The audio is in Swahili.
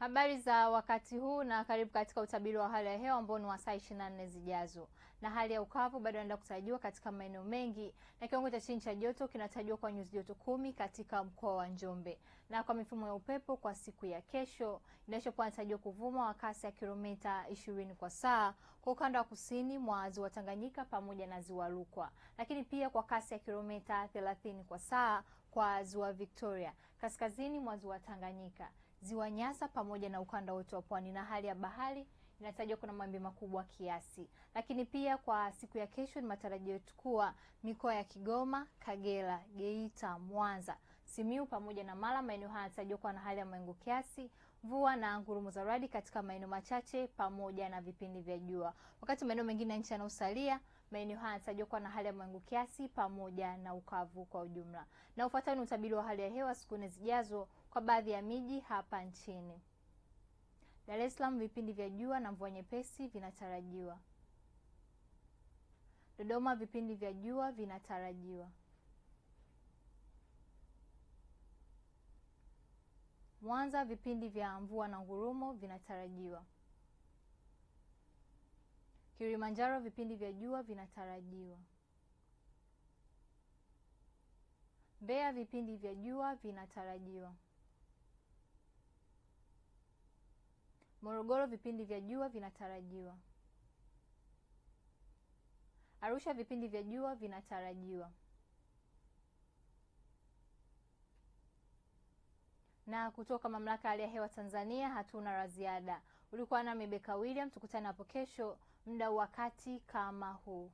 Habari za wakati huu na karibu katika utabiri wa hali ya hewa ambao ni wa saa 24 zijazo. Na hali ya ukavu bado inaendelea kutarajiwa katika maeneo mengi na kiwango cha chini cha joto kinatarajiwa kwa nyuzi joto kumi katika mkoa wa Njombe. Na kwa mifumo ya upepo kwa siku ya kesho inachokuwa inatarajiwa kuvuma kwa kasi ya kilomita 20 kwa saa kwa ukanda wa kusini mwa Ziwa Tanganyika pamoja na Ziwa Rukwa. Lakini pia kwa kasi ya kilomita 30 kwa saa kwa Ziwa Victoria, kaskazini mwa Ziwa Tanganyika ziwa Nyasa pamoja na ukanda wote wa pwani, na hali ya bahari inatajwa kuna mawimbi makubwa kiasi. Lakini pia kwa siku ya kesho, ni matarajio yetu kuwa mikoa ya Kigoma, Kagera, Geita, Mwanza simiu pamoja na Mara, maeneo haya yanatarajiwa kuwa na hali ya mawingu kiasi, mvua na ngurumo za radi katika maeneo machache pamoja na vipindi vya jua. Wakati maeneo mengine ya nchi yanayosalia, maeneo haya yanatarajiwa kuwa na hali ya mawingu kiasi pamoja na ukavu kwa ujumla. Na ufuatao ni utabiri wa hali ya hewa siku nne zijazo kwa baadhi ya miji hapa nchini. Dar es Salaam, vipindi vya jua na mvua nyepesi vinatarajiwa. Dodoma, vipindi vya jua vinatarajiwa. Mwanza vipindi vya mvua na ngurumo vinatarajiwa. Kilimanjaro vipindi vya jua vinatarajiwa. Mbeya vipindi vya jua vinatarajiwa. Morogoro vipindi vya jua vinatarajiwa. Arusha vipindi vya jua vinatarajiwa. Na kutoka mamlaka ya hali ya hewa Tanzania hatuna la ziada. Ulikuwa nami Beka William, tukutane hapo kesho muda wakati kama huu.